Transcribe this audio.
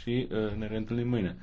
și uh, ne reîntâlnim mâine.